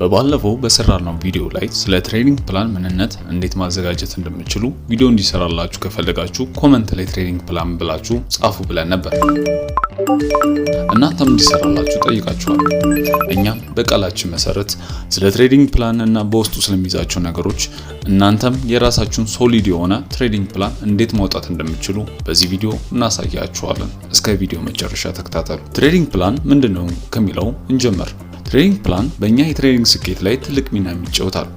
በባለፈው በሰራነው ቪዲዮ ላይ ስለ ትሬኒንግ ፕላን ምንነት እንዴት ማዘጋጀት እንደምችሉ ቪዲዮ እንዲሰራላችሁ ከፈለጋችሁ ኮመንት ላይ ትሬኒንግ ፕላን ብላችሁ ጻፉ ብለን ነበር። እናንተም እንዲሰራላችሁ ጠይቃችኋል። እኛም በቃላችን መሰረት ስለ ትሬዲንግ ፕላን እና በውስጡ ስለሚይዛቸው ነገሮች እናንተም የራሳችሁን ሶሊድ የሆነ ትሬዲንግ ፕላን እንዴት ማውጣት እንደምችሉ በዚህ ቪዲዮ እናሳያችኋለን። እስከ ቪዲዮ መጨረሻ ተከታተሉ። ትሬዲንግ ፕላን ምንድን ነው ከሚለው እንጀምር። ትሬኒንግ ፕላን በእኛ የትሬኒንግ ስኬት ላይ ትልቅ ሚና ይጫወታል።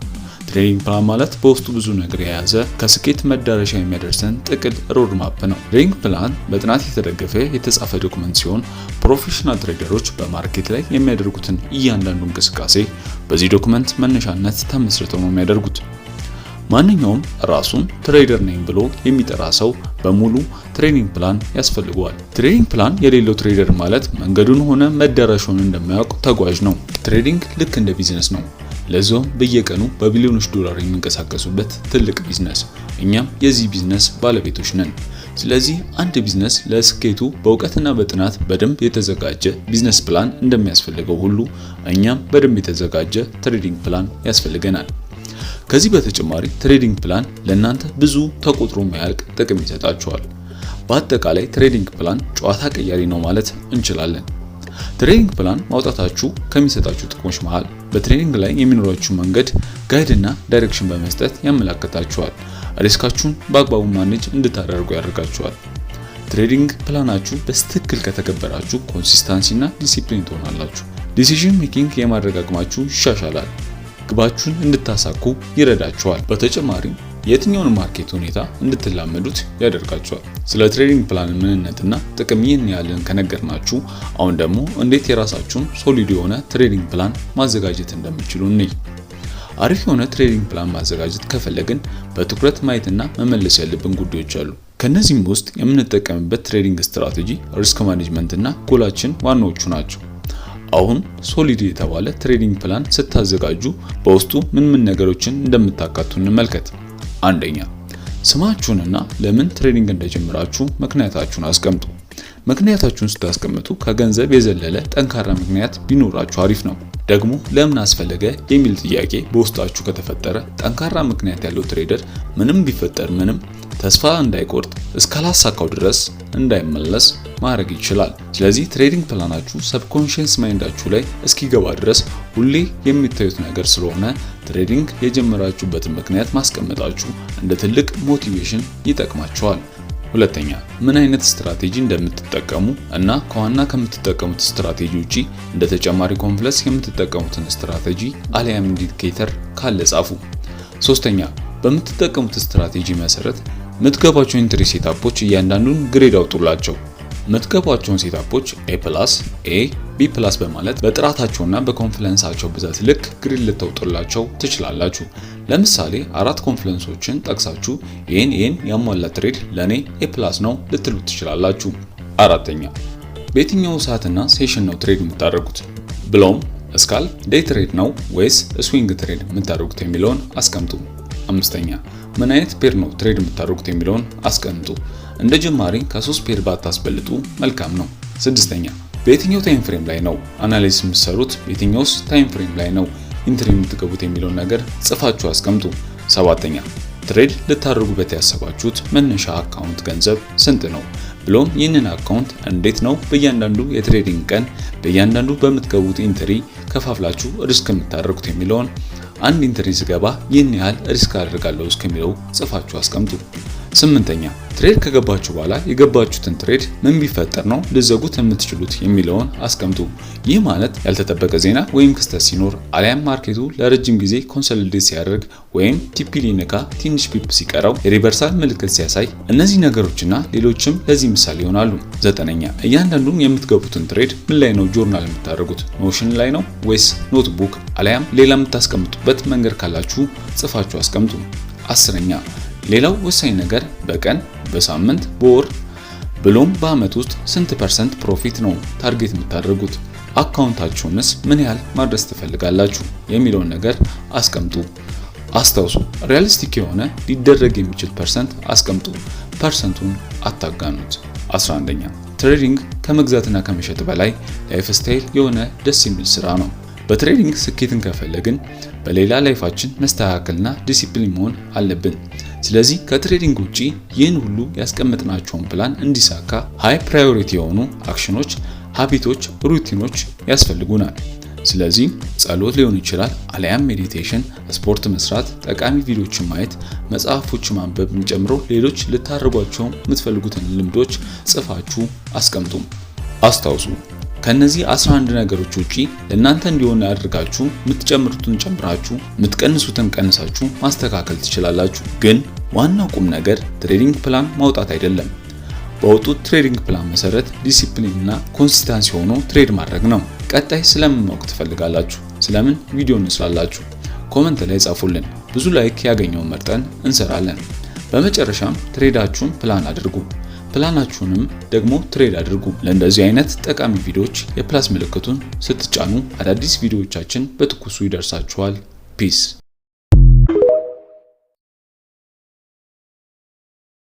ትሬኒንግ ፕላን ማለት በውስጡ ብዙ ነገር የያዘ ከስኬት መዳረሻ የሚያደርሰን ጥቅል ሮድማፕ ነው። ትሬኒንግ ፕላን በጥናት የተደገፈ የተጻፈ ዶክመንት ሲሆን ፕሮፌሽናል ትሬደሮች በማርኬት ላይ የሚያደርጉትን እያንዳንዱ እንቅስቃሴ በዚህ ዶክመንት መነሻነት ተመስርተው ነው የሚያደርጉት። ማንኛውም ራሱን ትሬደር ነኝ ብሎ የሚጠራ ሰው በሙሉ ትሬኒንግ ፕላን ያስፈልገዋል። ትሬኒንግ ፕላን የሌለው ትሬደር ማለት መንገዱን ሆነ መዳረሻውን እንደማያውቅ ተጓዥ ነው። ትሬዲንግ ልክ እንደ ቢዝነስ ነው። ለዚያውም በየቀኑ በቢሊዮኖች ዶላር የሚንቀሳቀሱበት ትልቅ ቢዝነስ። እኛም የዚህ ቢዝነስ ባለቤቶች ነን። ስለዚህ አንድ ቢዝነስ ለስኬቱ በእውቀትና በጥናት በደንብ የተዘጋጀ ቢዝነስ ፕላን እንደሚያስፈልገው ሁሉ እኛም በደንብ የተዘጋጀ ትሬዲንግ ፕላን ያስፈልገናል። ከዚህ በተጨማሪ ትሬዲንግ ፕላን ለእናንተ ብዙ ተቆጥሮ ማያልቅ ጥቅም ይሰጣችኋል። በአጠቃላይ ትሬዲንግ ፕላን ጨዋታ ቀያሪ ነው ማለት እንችላለን። ትሬዲንግ ፕላን ማውጣታችሁ ከሚሰጣችሁ ጥቅሞች መሃል በትሬዲንግ ላይ የሚኖራችሁ መንገድ ጋይድና ዳይሬክሽን በመስጠት ያመላክታችኋል። ሪስካችሁን በአግባቡ ማኔጅ እንድታደርጉ ያደርጋችኋል። ትሬዲንግ ፕላናችሁ በስትክክል ከተገበራችሁ ኮንሲስታንሲ ዲሲፕሊን ትሆናላችሁ። ዲሲዥን ሜኪንግ የማድረግ አቅማችሁ ይሻሻላል። ግባችሁን እንድታሳኩ ይረዳችኋል። በተጨማሪም የትኛውን ማርኬት ሁኔታ እንድትላመዱት ያደርጋችኋል። ስለ ትሬዲንግ ፕላን ምንነትና ጥቅም ይህን ያለን ከነገርናችሁ፣ አሁን ደግሞ እንዴት የራሳችሁን ሶሊድ የሆነ ትሬዲንግ ፕላን ማዘጋጀት እንደምችሉ እንይ። አሪፍ የሆነ ትሬዲንግ ፕላን ማዘጋጀት ከፈለግን በትኩረት ማየትና መመለስ ያለብን ጉዳዮች አሉ። ከእነዚህም ውስጥ የምንጠቀምበት ትሬዲንግ ስትራቴጂ፣ ሪስክ ማኔጅመንት እና ጎላችን ዋናዎቹ ናቸው። አሁን ሶሊድ የተባለ ትሬዲንግ ፕላን ስታዘጋጁ በውስጡ ምን ምን ነገሮችን እንደምታካቱ እንመልከት። አንደኛ ስማችሁንና ለምን ትሬዲንግ እንደጀመራችሁ ምክንያታችሁን አስቀምጡ። ምክንያታችሁን ስታስቀምጡ ከገንዘብ የዘለለ ጠንካራ ምክንያት ቢኖራችሁ አሪፍ ነው። ደግሞ ለምን አስፈለገ የሚል ጥያቄ በውስጣችሁ ከተፈጠረ ጠንካራ ምክንያት ያለው ትሬደር ምንም ቢፈጠር ምንም ተስፋ እንዳይቆርጥ እስካላሳካው ድረስ እንዳይመለስ ማድረግ ይችላል። ስለዚህ ትሬዲንግ ፕላናችሁ ሰብኮንሽንስ ማይንዳችሁ ላይ እስኪገባ ድረስ ሁሌ የሚታዩት ነገር ስለሆነ ትሬዲንግ የጀመራችሁበትን ምክንያት ማስቀመጣችሁ እንደ ትልቅ ሞቲቬሽን ይጠቅማቸዋል። ሁለተኛ ምን አይነት ስትራቴጂ እንደምትጠቀሙ እና ከዋና ከምትጠቀሙት ስትራቴጂ ውጪ እንደ ተጨማሪ ኮንፍለስ የምትጠቀሙትን ስትራቴጂ አሊያም ኢንዲኬተር ካለ ጻፉ። ሶስተኛ በምትጠቀሙት ስትራቴጂ መሰረት ምትገባቸው ኢንትሪ ሴታፖች እያንዳንዱን ግሬድ አውጡላቸው። የምትገቧቸውን ሴታፖች ኤ ፕላስ፣ ኤ፣ ቢ ፕላስ በማለት በጥራታቸውና በኮንፍለንሳቸው ብዛት ልክ ግሪድ ልተውጡላቸው ትችላላችሁ። ለምሳሌ አራት ኮንፍለንሶችን ጠቅሳችሁ ይህን ይህን ያሟላ ትሬድ ለእኔ ኤ ፕላስ ነው ልትሉ ትችላላችሁ። አራተኛ በየትኛው ሰዓትና ሴሽን ነው ትሬድ የምታደርጉት ብሎም እስካል ዴይ ትሬድ ነው ወይስ ስዊንግ ትሬድ የምታደርጉት የሚለውን አስቀምጡ። አምስተኛ ምን አይነት ፔር ነው ትሬድ የምታደርጉት የሚለውን አስቀምጡ። እንደ ጀማሪ ከሶስት ፔር ባታስበልጡ መልካም ነው። ስድስተኛ በየትኛው ታይም ፍሬም ላይ ነው አናሊሲስ የምትሰሩት? በየትኛውስ ታይም ፍሬም ላይ ነው ኢንትሪም የምትገቡት የሚለውን ነገር ጽፋችሁ አስቀምጡ። ሰባተኛ ትሬድ ልታደርጉበት ያሰባችሁት መነሻ አካውንት ገንዘብ ስንት ነው? ብሎም ይህንን አካውንት እንዴት ነው በእያንዳንዱ የትሬዲንግ ቀን በእያንዳንዱ በምትገቡት ኢንትሪ ከፋፍላችሁ ሪስክ የምታደርጉት የሚለውን አንድ ኢንትሪ ስገባ ይህን ያህል ሪስክ አደርጋለሁ እስከሚለው ጽፋችሁ አስቀምጡ። ስምንተኛ ትሬድ ከገባችሁ በኋላ የገባችሁትን ትሬድ ምን ቢፈጠር ነው ልዘጉት የምትችሉት የሚለውን አስቀምጡ። ይህ ማለት ያልተጠበቀ ዜና ወይም ክስተት ሲኖር አሊያም ማርኬቱ ለረጅም ጊዜ ኮንሶሊዴት ሲያደርግ ወይም ቲፒ ሊነካ ትንሽ ፒፕ ሲቀረው የሪቨርሳል ምልክት ሲያሳይ፣ እነዚህ ነገሮችና ሌሎችም ለዚህ ምሳሌ ይሆናሉ። ዘጠነኛ እያንዳንዱን የምትገቡትን ትሬድ ምን ላይ ነው ጆርናል የምታደርጉት? ኖሽን ላይ ነው ወይስ ኖትቡክ አሊያም ሌላ የምታስቀምጡበት መንገድ ካላችሁ ጽፋችሁ አስቀምጡ። አስረኛ ሌላው ወሳኝ ነገር በቀን በሳምንት በወር ብሎም በአመት ውስጥ ስንት ፐርሰንት ፕሮፊት ነው ታርጌት የምታደርጉት አካውንታችሁንስ ምን ያህል ማድረስ ትፈልጋላችሁ የሚለውን ነገር አስቀምጡ። አስታውሱ፣ ሪያሊስቲክ የሆነ ሊደረግ የሚችል ፐርሰንት አስቀምጡ። ፐርሰንቱን አታጋኑት። 11ኛ ትሬዲንግ ከመግዛትና ከመሸጥ በላይ ላይፍ ስታይል የሆነ ደስ የሚል ስራ ነው። በትሬዲንግ ስኬትን ከፈለግን በሌላ ላይፋችን መስተካከልና ዲሲፕሊን መሆን አለብን። ስለዚህ ከትሬዲንግ ውጪ ይህን ሁሉ ያስቀመጥናቸውን ፕላን እንዲሳካ ሃይ ፕራዮሪቲ የሆኑ አክሽኖች፣ ሀቢቶች፣ ሩቲኖች ያስፈልጉናል። ስለዚህ ጸሎት ሊሆን ይችላል፣ አልያም ሜዲቴሽን፣ ስፖርት መስራት፣ ጠቃሚ ቪዲዮችን ማየት፣ መጽሐፎች ማንበብን ጨምሮ ሌሎች ልታደርጓቸው የምትፈልጉትን ልምዶች ጽፋችሁ አስቀምጡም። አስታውሱ ከነዚህ 11 ነገሮች ውጪ ለእናንተ እንዲሆን ያድርጋችሁ የምትጨምሩትን ጨምራችሁ የምትቀንሱትን ቀንሳችሁ ማስተካከል ትችላላችሁ። ግን ዋናው ቁም ነገር ትሬዲንግ ፕላን ማውጣት አይደለም፣ በወጡት ትሬዲንግ ፕላን መሰረት ዲሲፕሊን እና ኮንሲስተንሲ ሆኖ ትሬድ ማድረግ ነው። ቀጣይ ስለምን ማወቅ ትፈልጋላችሁ? ስለምን ቪዲዮ እንስራላችሁ? ኮመንት ላይ ጻፉልን። ብዙ ላይክ ያገኘውን መርጠን እንሰራለን። በመጨረሻም ትሬዳችሁን ፕላን አድርጉ። ፕላናችሁንም ደግሞ ትሬድ አድርጉ። ለእንደዚህ አይነት ጠቃሚ ቪዲዮዎች የፕላስ ምልክቱን ስትጫኑ አዳዲስ ቪዲዮዎቻችን በትኩሱ ይደርሳችኋል። ፒስ